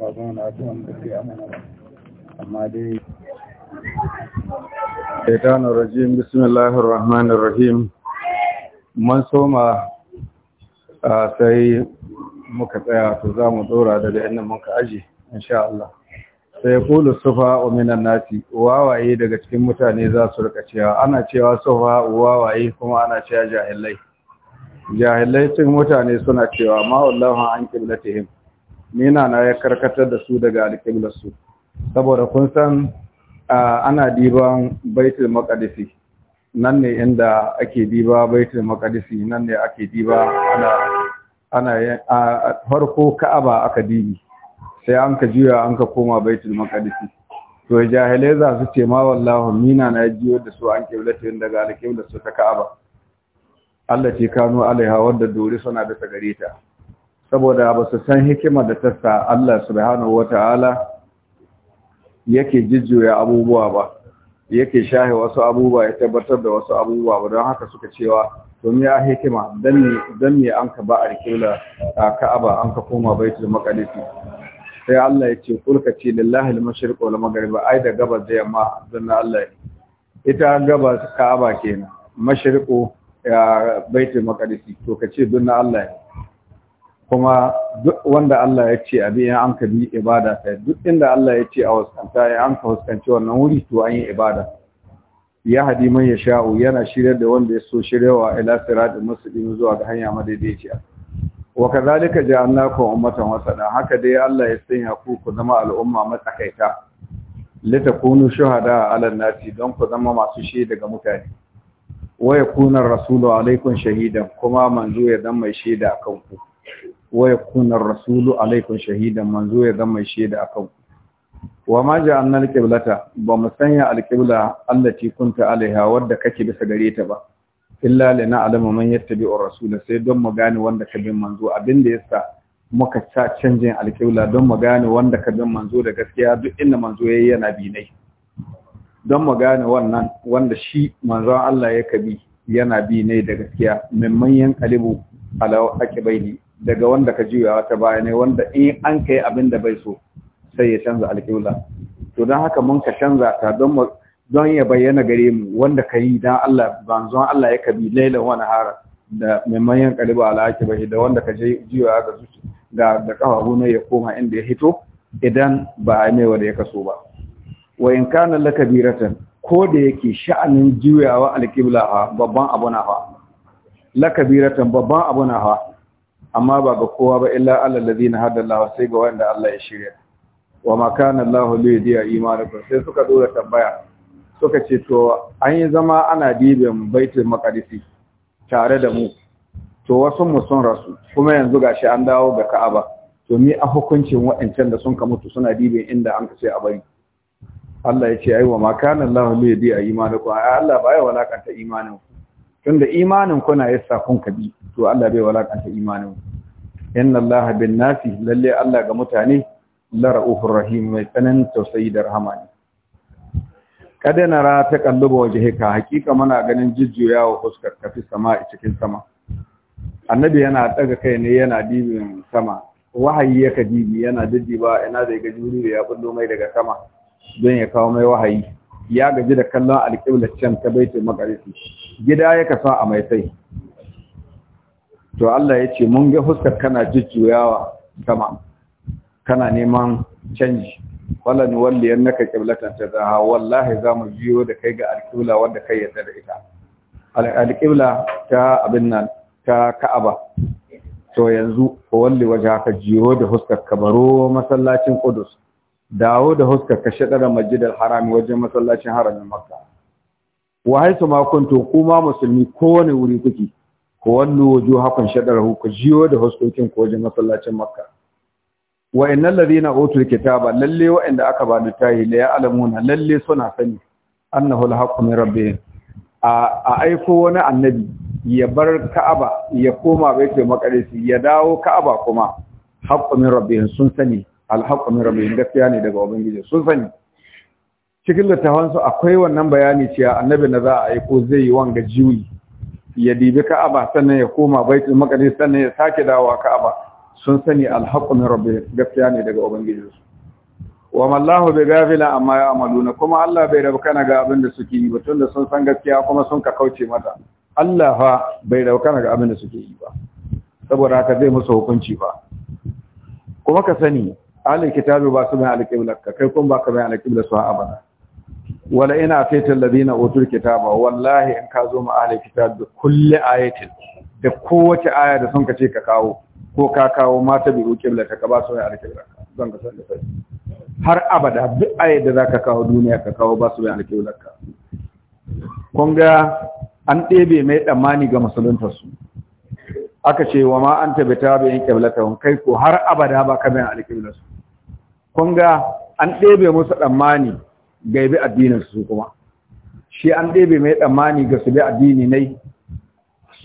ba zama na tuwon da sai ba amma dai shaitan rajim bismillahir rahmanir rahim man soma sai muka tsaya to za mu da daga inda muka aji insha Allah sai kulu sufa minan nasi wawaye daga cikin mutane za su rika cewa ana cewa sufa wawaye kuma ana cewa jahilai jahilai cikin mutane suna cewa ma wallahu an qiblatihim nina na ya karkatar da su daga alƙiblarsu saboda kun san ana diban baitul maqdisi nan ne inda ake diba baitul maqdisi nan ne ake diba ana ana farko ka'aba aka dibi sai an ka juya an ka koma baitul maqdisi to jahilai za su ce ma wallahu mina na jiyo da su an kiblata inda ga alƙiblar su ta ka'aba Allah ce kanu alaiha wadda dori suna da ta gare ta saboda ba su san hikimar da ta Allah subhanahu wata'ala yake jijjoya abubuwa ba yake shahe wasu abubuwa ya tabbatar da wasu abubuwa ba don haka suka cewa domin ya hikima don me an ka ba a rikila a ka'aba an ka koma baitul maqdis sai Allah ya ce kulka ce lillahi al-mashriq wal maghrib ai da gabas da yamma dan Allah ita gabas ka'aba kenan mashriqu baitul maqdis to kace dun Allah kuma duk wanda Allah ya ce abin ya an ka bi ibada ta duk inda Allah ya ce a waskanta ya an ka waskanci wannan wuri to an yi ibada ya hadi man ya sha'u yana shiryar da wanda ya so shiryawa ila siratul mustaqim zuwa ga hanya madaidaiciya wa kadhalika ja'alnakum ummatan wasata haka dai Allah ya sanya ku ku zama al'umma matsakaita litakunu shuhada 'ala an-nasi don ku zama masu shi daga mutane wa yakuna rasulu alaikum shahidan kuma manzo ya dan mai shaida kan ku Waya kuna rasulu alaikum shahidan manzo ya zama shaida akan ku wa ma ja'alna al-qiblata ba mu sanya al-qibla allati kunta alaiha wadda kake bisa gare ta ba illa na alama man yattabi'u rasula sai don mu gane wanda ka bin manzo abinda yasa muka sa canjin al-qibla don mu gane wanda ka bin manzo da gaskiya duk inda manzo yayi yana nai, don mu gane wannan wanda shi manzon Allah ya kabi yana bi ne da gaskiya mimman yan kalibu ala aqibaini daga wanda ka juyawa ta baya ne wanda in an kai abin da bai so sai ya canza alƙibla to don haka mun ka canza ta don don ya bayyana gare mu wanda ka yi don Allah banzon Allah ya kabi lailan wani hara da maimayan kalibu ba bai da wanda ka jiwa ga zuci da da kafafu ne ya koma inda ya hito idan ba a mai wanda ya kaso ba wa in kana la kabiratan ko da yake sha'anin juyawa alqibla ha babban abu na fa la kabiratan babban abu na fa amma ba ga kowa ba illa Allah na ladina Allah sai ga wanda Allah ya shirya wa ma kana Allah li yadiya imanakum sai suka dora tambaya suka ce to an yi zama ana dibin baitul maqdisi tare da mu to wasu mu sun rasu kuma yanzu gashi an dawo ga Ka'aba to ni a hukuncin waɗancan da sun ka mutu suna dibin inda an kace a bari Allah ya ce aiwa ma kana Allah li yadiya imanakum ai Allah ba ya walakanta imanin Tun da imanin kuna yasa kun kabi to Allah bai walakanta imanin inna Allah bin nasi lalle Allah ga mutane la ra'ufur rahim mai tsanan tausayi da rahama ne kada ra ta kalluba haka hakika muna ganin jujjuyawa fuskar kafi sama sama cikin sama annabi yana daga kai ne yana dibin sama wahayi ya dibi yana ba, ina zai ga juri da ya bullo mai daga sama don ya kawo mai wahayi ya gaji da kallon alƙiblar can ta baitul maqdis gida ya kasa a mai sai to Allah ya ce mun ga Huskar kana jujjuyawa sama kana neman canji wala ni walli yannaka qiblatan tadaha wallahi za mu biyo da kai ga alqibla wanda kai ya da ita alqibla ta abin nan ta Ka'aba to yanzu walli haka jiyo da Huskar ka baro masallacin Qudus dawo da huskar ka da majidar harami wajen masallacin haramin makka wa haisa ma kuntu kuma musulmi kowane wuri kuke ko wajo hakan shadarahu ku jiyo da hoskokin ko wajen masallacin makka wa innal ladina utul kitaba lalle wa inda aka ba da tahi la ya'lamuna lalle suna sani annahu alhaqqu min rabbih a aiko wani annabi ya bar ka'aba ya koma baitul maqdis ya dawo ka'aba kuma haqqu min sun sani alhaqqu min rabbih gaskiya ne daga ubangiji sun sani cikin littafansu akwai wannan bayani cewa annabi na za a aiko zai yi wanga jiwi ya dibi ka'aba sannan ya koma baitul maqdis sannan ya sake dawowa ka'aba sun sani alhaku min rabbi gaskiya ne daga ubangiji wa mallahu bi gafila amma ya'maluna kuma Allah bai rabu kana ga abin da suke yi batun da sun san gaskiya kuma sun ka kauce mata Allah fa bai rabu kana ga abin da suke yi ba saboda haka zai musu hukunci ba kuma ka sani alil kitabi ba su mai alƙiblar ka kai kun ba ka mai alƙiblar su a abada wala ina faitan ladina utul kitaba wallahi in ka zo ma ahli kitab da kulli ayatin da kowace aya da sun kace ka kawo ko ka kawo ma ta bi qibla ka ba su ya alqibla zan ka san da sai har abada duk aya da zaka kawo duniya ka kawo ba su ya alqibla ka kun ga an ɗebe mai tsammani ga musulunta su aka ce wa ma an tabita bi in qiblatahum kai ko har abada ba ka bayan alqibla su kun ga an ɗebe musu tsammani bi addinin su kuma shi an ɗebe mai tsammani ga su bi addini nai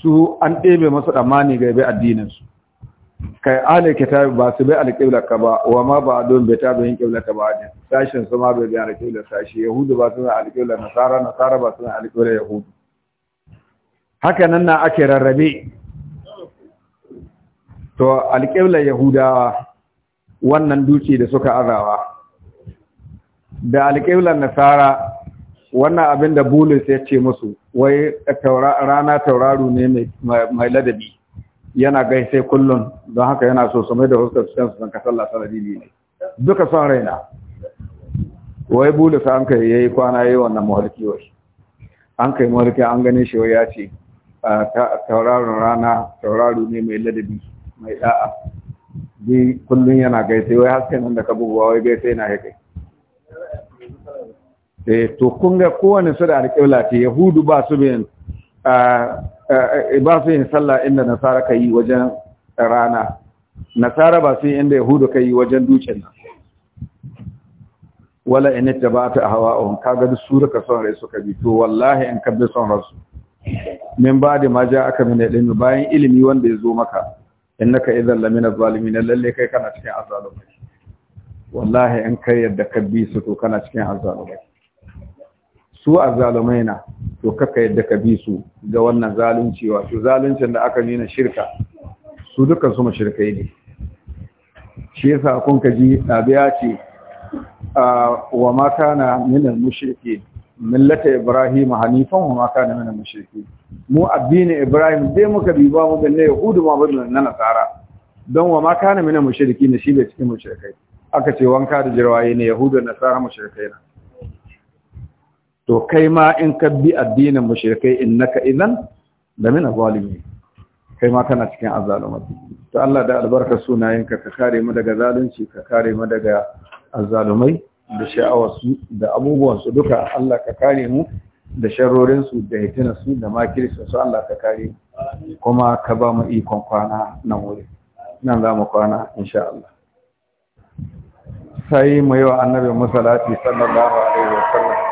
su an ɗebe masu tsammani bi addinin su kai ala kita ba su bi alƙibla ka ba wa ma ba don bai tabi yin ƙibla ka ba ne sashin su ma bai bi alƙibla sashi yahudu ba su na alƙibla nasara nasara ba su na alƙibla yahudu haka nan na ake rarrabe to alƙibla yahudawa wannan dutse da suka azawa da alƙiblar nasara wannan abin da bulus ya ce musu wai rana tauraru ne mai ladabi yana sai kullum don haka yana so su mai da huskar su su zanka sallah sanadili ne duka son raina wai bulus an kai ya yi kwana ya yi wannan mawarki wai an kai mawarki an ganin shi wai ya ce tauraron rana tauraru ne mai ladabi mai da'a bi kullum yana gaisai. wai hasken nan da ka bubuwa wai gaisai na kai Eh, to kun ga kowane su da alƙibla ta yahudu ba su bin ba su yin sallah inda nasara ka yi wajen rana nasara ba su yi inda yahudu ka yi wajen dutsen nan wala in ta ba ta hawa on kaga duk su ka son rai suka bi to wallahi in kabbe son rasu min ba da maja aka mina din bayan ilimi wanda ya zo maka innaka idan lamina zalimin lalle kai kana cikin azalumai wallahi in kai yadda kabbi su to kana cikin azalumai su a zalumai na to kaka yadda ka bi su ga wannan zalunci wato zaluncin da aka nuna shirka su duka su mashirkai ne shi yasa kun ka ji abiya ce wa maka na min al millata ibrahim hanifan wa ma na min al mu addini ibrahim dai muka bi ba mu da ne yahudu ma bada na nasara don wa ma na min al ne shi bai cikin mushrikai aka ce wanka da jirwaye ne yahudu da nasara mushrikai na to kai ma in ka bi addinin mushrikai innaka idan da min zalimi kai ma kana cikin azalumai. to Allah da albarka sunayenka ka kare mu daga zalunci ka kare mu daga azzalumai da sha'awarsu da abubuwansu duka Allah ka kare mu da su da su, da makirsu Allah ka kare kuma ka ba mu ikon kwana nan wuri nan za mu kwana insha Allah sai mu yi wa annabi musalati sallallahu alaihi wa sallam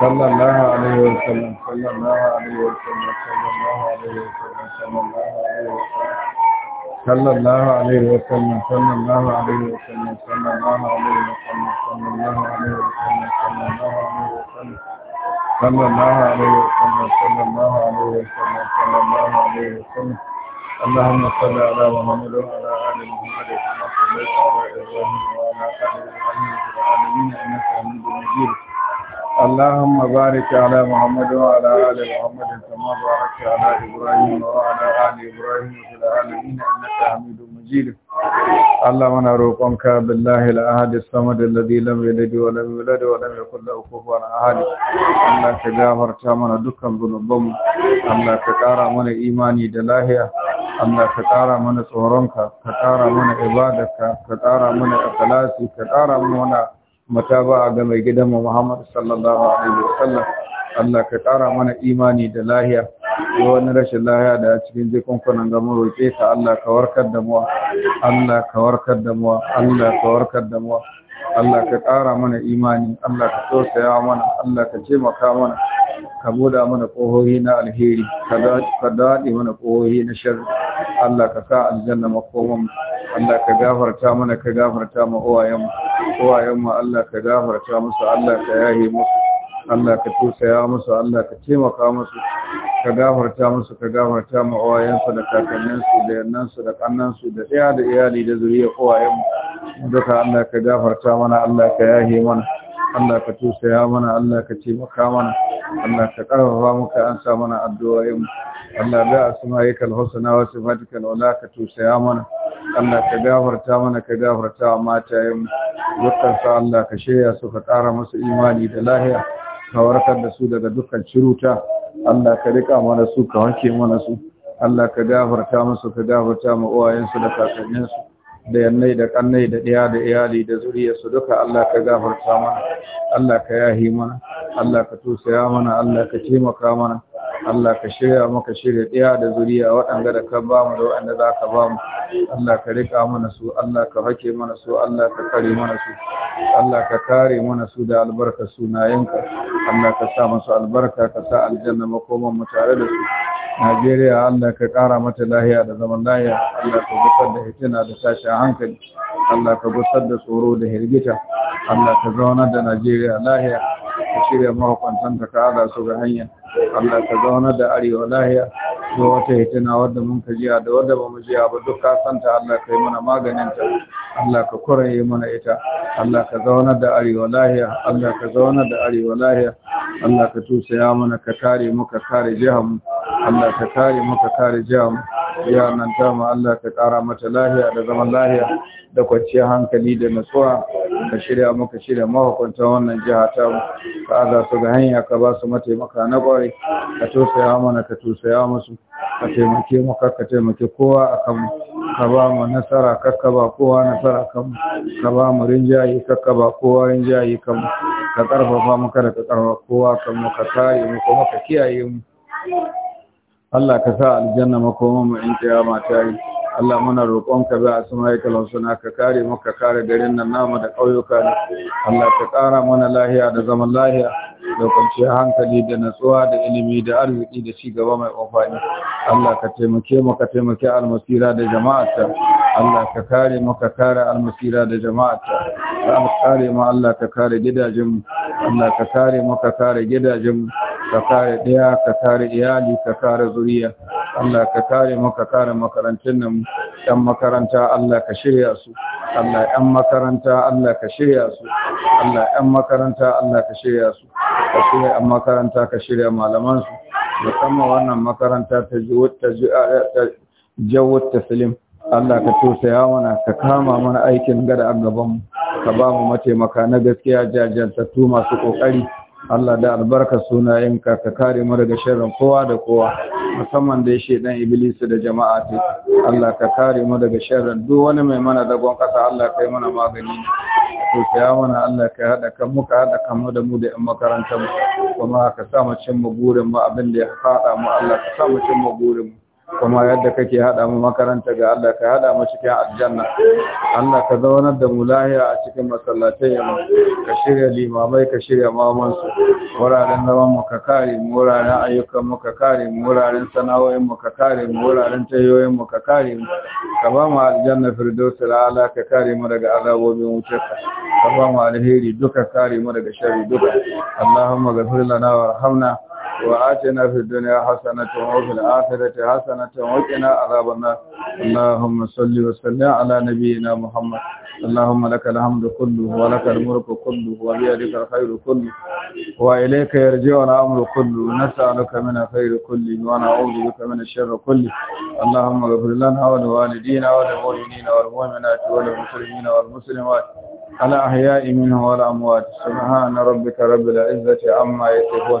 صلى الله عليه وسلم صلى الله عليه وسلم صلى الله عليه وسلم صلى الله عليه وسلم صلى الله عليه وسلم صلى الله عليه وسلم صلى الله عليه وسلم صلى الله عليه وسلم صلى الله عليه وسلم صلى الله عليه وسلم صلى الله عليه وسلم صلى الله عليه وسلم اللهم صل على محمد وعلى ال محمد كما صليت على ابراهيم وعلى ال ابراهيم في العالمين انك حميد مجيد اللهم بارك على محمد وعلى آل محمد كما باركت على إبراهيم وعلى آل إبراهيم في العالمين إنك حميد مجيد اللهم انا نروقك بالله الاحد الصمد الذي لم يلد ولم يولد ولم يكن له كفوا احد الله كغفرت mana dukkan gunubban Allah ka kara mana imani da lahiya Allah ka kara mana tsoronka ka kara mana ibadarka ka kara mana ikhlasi ka kara mana mataba'a ga mai gidanmu Muhammad sallallahu alaihi wasallam Allah ka ƙara mana imani da lahiya ko wani rashin lahiya da cikin jikunkunan ga mu roƙe ka Allah ka warkar da mu Allah ka warkar da mu Allah ka warkar da mu Allah ka ƙara mana imani Allah ka tausaya mana Allah ka taimaka mana ka buɗa mana ƙohohi na alheri ka daɗe mana ƙohohi na shari Allah ka sa aljanna makoman Allah ka gafarta mana ka gafarta ma uwayenmu Allah ka gafarta musu Allah ka yahe musu Allah ka tusaya musu Allah ka taimaka musu ka gafarta musu ka gafarta ma uwayensu da kakanninsu da yannansu da kannansu da iya da iyali da zuriya uwayen duka Allah ka gafarta mana Allah ka yahe mana Allah ka tusaya mana Allah ka taimaka mana Allah ka karfafa muka an sa mana addu'o'in Allah da asma'ikal husna wa sifatikal ula ka tusaya mana Allah ka gafarta mana ka gafarta matayen dukkan sa Allah ka shirya su ka kara musu imani da lahiya ka warkar da su daga dukkan ciruta Allah ka rika mana su ka wanke mana su Allah ka gafarta musu ka gafarta ma uwayensu da kakanninsu da yannai da kannai da ɗaya da iyali da su duka Allah ka gafarta mana Allah ka yahi mana Allah ka tusaya mana Allah ka taimaka mana Allah ka shirya maka shirya ɗaya da zuriya waɗanda da ka ba mu da waɗanda za ka ba mu Allah ka riƙa mana su Allah ka hake mana su Allah ka kare mana su Allah ka kare mana su da albarka sunayenka Allah ka sa masu albarka ka sa aljanna makoman mu tare da su Najeriya Allah ka kara mata lahiya da zaman lahiya Allah ka gusar da hitina da tashin hankali Allah ka gusar da tsoro da hirgita Allah ka zauna da Najeriya lahiya ka shirya mahukuntanta ka kada su ga hanya Allah ka zauna da arewa lahiya ko wata hitina wadda mun ka jiya da wadda ba mu jiya ba duk ka santa Allah ka yi mana maganinta Allah ka kwaraye mana ita Allah ka zaunar da arewa lahiya Allah ka zaunar da arewa lahiya Allah ka tusaya mana ka kare mu ka kare jiha mu Allah ka kare mu ka kare jiha mu ya nan ta Allah ka kara mata lahiya da zaman lahiya da kwanciyar hankali da nutsuwa ka shirya mu ka shirya mahukunta wannan jiha ta mu ka aza su ga hanya ka ba su mataimaka na kwarai ka tusaya mana ka tusaya musu ka taimake muka ka taimake kowa akan mu ka ba mu nasara kakka ba kowa nasara kanmu ka ba mu rinjaye kakka ba kowa rinjaye kanmu ka karfafa mu kada ka karfafa kowa kanmu ka kare mu kuma ka kiyaye mu Allah ka sa aljanna makoma mu in kiyama ta yi Allah muna roƙonka su mai kalon suna. ka kare mu ka kare garin nan namu da ƙauyuka ne Allah ka ƙara mana lahiya da zaman lahiya da kwanciyar hankali da natsuwa da ilimi da arziki da ci gaba mai amfani Allah ka taimake mu ka taimake almasira da jama'ata Allah ka kare mu ka kare almasira da jama'ata ka kare mu Allah ka kare gidajen Allah ka kare mu ka kare gidajen ka kare daya ka kare iyali ka kare zuriya Allah ka kare mu ka kare makarantun nan dan makaranta Allah ka shirya su Allah ɗan makaranta Allah ka shirya su Allah ɗan makaranta Allah ka shirya su ka shirya makaranta ka shirya malaman su musamman wannan makaranta ta jawar taslim Allah ka tausaya mana ka kama mana aikin gada a gabanmu ka ba mu mataimaka na gaskiya jajantattu masu kokari Allah da albarka sunayenka ka kare mu daga sharrin kowa da kowa musamman da shi dan iblisu da jama'a ta Allah ka kare mu daga sharrin duk wani mai mana dagon kasa Allah kai mana magani tausaya mana Allah ka hada kan muka haɗa kan mu da mu da yan makarantar kuma ka sa mu cin mu burin mu abin da ya faɗa mu Allah ka sa mu cin mu burin mu kuma yadda kake hada mu makaranta ga Allah ka hada mu cikin aljanna Allah ka zaunar da mu lahiya a cikin masallatai mu ka shirya limamai ka shirya maman su wuraren zaman mu ka kare mu wuraren ayyukan mu ka kare mu wuraren sana'o'in mu ka kare mu wuraren tayoyin mu ka kare mu ka ba mu aljanna firdausul ala ka kare mu daga azabobin wutarka ka ba mu alheri duka kare mu daga sharri duka Allahumma ghfir lana warhamna وآتنا في الدنيا حسنة وفي الآخرة حسنة وقنا عذاب النار اللهم صل وسلم على نبينا محمد اللهم لك الحمد كله ولك الملك كله وبيدك الخير كله وإليك يرجع الأمر كله نسألك من الخير كله ونعوذ بك من الشر كله اللهم اغفر لنا ولوالدينا وللمؤمنين والمؤمنات وللمسلمين والمسلمات الأحياء منهم والأموات سبحان ربك رب العزة عما يصفون